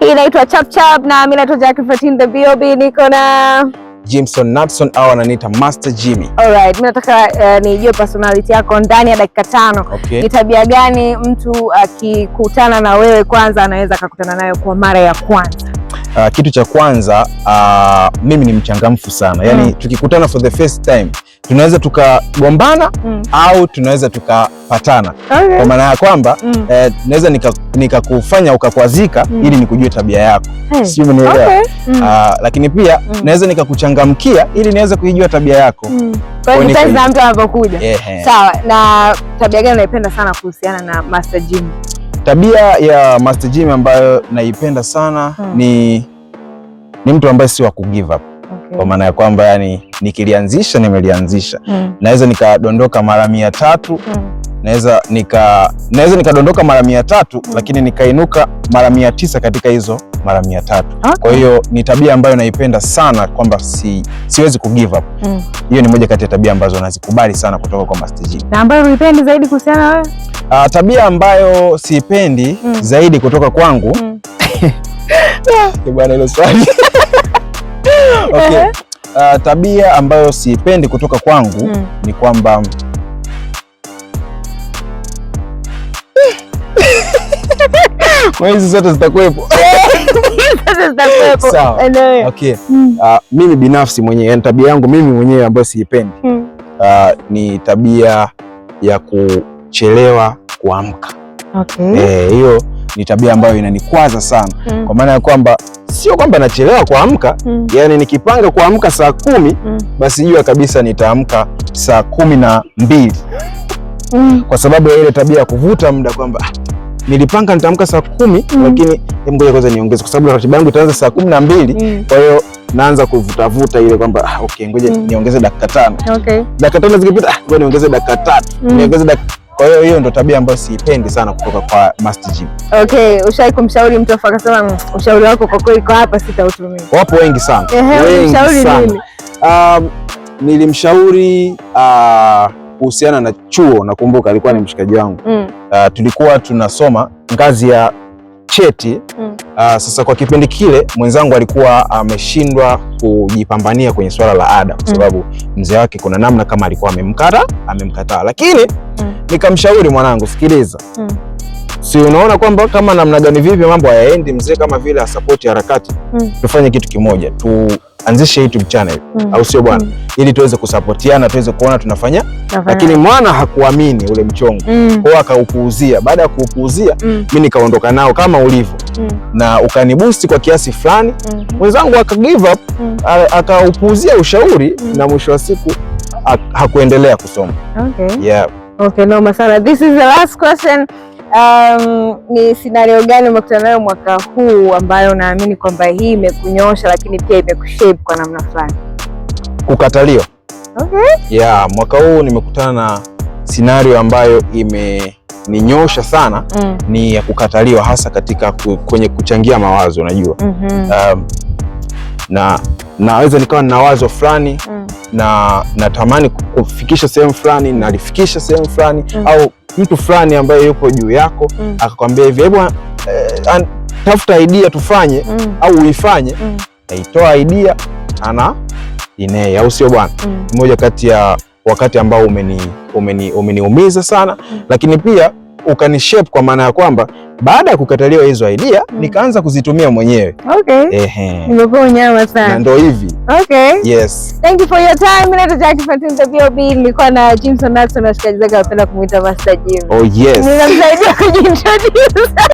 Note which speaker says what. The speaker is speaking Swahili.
Speaker 1: Hii inaitwa Chap na mimi naitwa Jackie Fatin the BOB, niko na
Speaker 2: Jimson Natson au ananiita Master Jimmy.
Speaker 1: right, mimi nataka uh, nijue personality yako ndani ya dakika tano. Okay. Ni tabia gani mtu akikutana uh, na wewe kwanza anaweza akakutana nayo kwa mara ya kwanza?
Speaker 2: Uh, kitu cha kwanza uh, mimi ni mchangamfu sana. Yaani mm. tukikutana for the first time tunaweza tukagombana mm. au tunaweza tukapatana okay. Kwa maana ya kwamba mm. eh, naweza nikakufanya nika ukakwazika mm. ili nikujue tabia yako hey. Sio unielewa okay. mm. uh, lakini pia mm. naweza nikakuchangamkia ili niweze kuijua tabia yako mm.
Speaker 1: Kwa hiyo na mtu anapokuja yeah. Sawa. Na tabia gani unaipenda sana kuhusiana na Master Jimmy?
Speaker 2: Tabia ya Master Jimmy ambayo naipenda sana mm. ni, ni mtu ambaye si wa kugive give up okay. Kwa maana ya kwamba yani nikilianzisha nimelianzisha mm. Naweza nikadondoka mara mia tatu mm. Naweza nika naweza nikadondoka mara mia tatu mm. Lakini nikainuka mara mia tisa katika hizo mara mia tatu okay. Kwa hiyo ni tabia ambayo naipenda sana kwamba si, siwezi ku give up hmm. hiyo mm. Ni moja kati ya tabia ambazo nazikubali sana kutoka kwa Master G.
Speaker 1: Na ambayo uipendi zaidi kuhusiana wewe?
Speaker 2: Uh, tabia ambayo siipendi mm. zaidi kutoka kwangu mm. bwana hilo swali okay. Uh, tabia ambayo siipendi kutoka kwangu mm. ni kwamba kwa hizi zote zitakuwepo. Sawa. Okay. Mm. Uh, mimi binafsi mwenyewe, yani tabia yangu mimi mwenyewe ambayo siipendi mm. uh, ni tabia ya kuchelewa kuamka. Okay. Eh, hiyo ni tabia ambayo inanikwaza sana mm. kwa maana ya kwamba sio kwamba nachelewa kuamka mm. Yani nikipanga kuamka saa kumi mm. basi jua kabisa nitaamka saa kumi na mbili mm. kwa sababu ya ile tabia ya kuvuta muda kwamba ah, nilipanga nitaamka saa kumi mm. lakini ngoja kwanza niongeze, kwa sababu ratiba yangu itaanza saa kumi na mbili mm. kwa hiyo naanza kuvutavuta ile kwamba ah, okay, ngoja mm. niongeze dakika tano okay. dakika tano zikipita, ah, ngoja niongeze dakika tatu mm. niongeze dakika kwa hiyo hiyo ndo tabia ambayo siipendi sana kutoka kwa Masti Gym.
Speaker 1: Okay, ushai kumshauri mtu afa akasema mm, ushauri wako kwa kweli kwa hapa sitautumia?
Speaker 2: Wapo wengi sana. Ulimshauri nini? Um, nilimshauri uh, kuhusiana na chuo, nakumbuka alikuwa ni mshikaji wangu mm. Uh, tulikuwa tunasoma ngazi ya cheti mm. Uh, sasa kwa kipindi kile mwenzangu alikuwa ameshindwa kujipambania kwenye swala la ada kwa mm. sababu mm. mzee wake kuna namna kama alikuwa amemkata amemkataa, lakini mm. nikamshauri mwanangu, sikiliza mm si unaona kwamba kama namna gani, vipi mambo hayaendi, mzee kama vile asapoti harakati mm. Tufanye kitu kimoja, anzishe YouTube channel mm. au sio bwana mm. ili tuweze kusapotiana, tuweze kuona tunafanya Nafana. Lakini mwana hakuamini ule mchongo mm. kwao, akaupuuzia. Baada ya kuupuuzia mm. mi nikaondoka nao kama ulivyo mm. na ukanibusti kwa kiasi fulani mm. mwenzangu aka give up mm. akaupuuzia ushauri mm. na mwisho wa siku hakuendelea kusoma okay. yeah.
Speaker 1: Okay, no, This is the last question um, ni sinario gani umekutana nayo mwaka huu ambayo naamini kwamba hii imekunyosha lakini pia imekushape kwa namna fulani? Kukataliwa. Okay.
Speaker 2: Yeah, mwaka huu nimekutana na sinario ambayo imeninyosha sana mm. Ni ya kukataliwa hasa katika kwenye kuchangia mawazo unajua. mm -hmm. um, na naweza nikawa na wazo fulani mm. na natamani kufikisha sehemu fulani nalifikisha sehemu fulani mm. au mtu fulani ambaye yupo juu yako mm. akakwambia hivi, hebu eh, tafuta idea tufanye mm. au uifanye mm. naitoa idea ana inee, au sio bwana? mm. moja kati ya wakati ambao umeniumiza umeni, umeni sana mm. lakini pia ukanishape kwa maana ya kwamba baada ya kukataliwa hizo idea mm. nikaanza kuzitumia mwenyewe. Okay. Ehe.
Speaker 1: Nimekuwa nyama sana. Na ndio hivi. Okay. Yes. Thank you for your time. Mimi ni Jackie Fatin za BOB. Nilikuwa na Jimson Natson na washikaji zake wanapenda kumuita Master Jim.
Speaker 2: Oh yes. Ninamsaidia kujintroduce.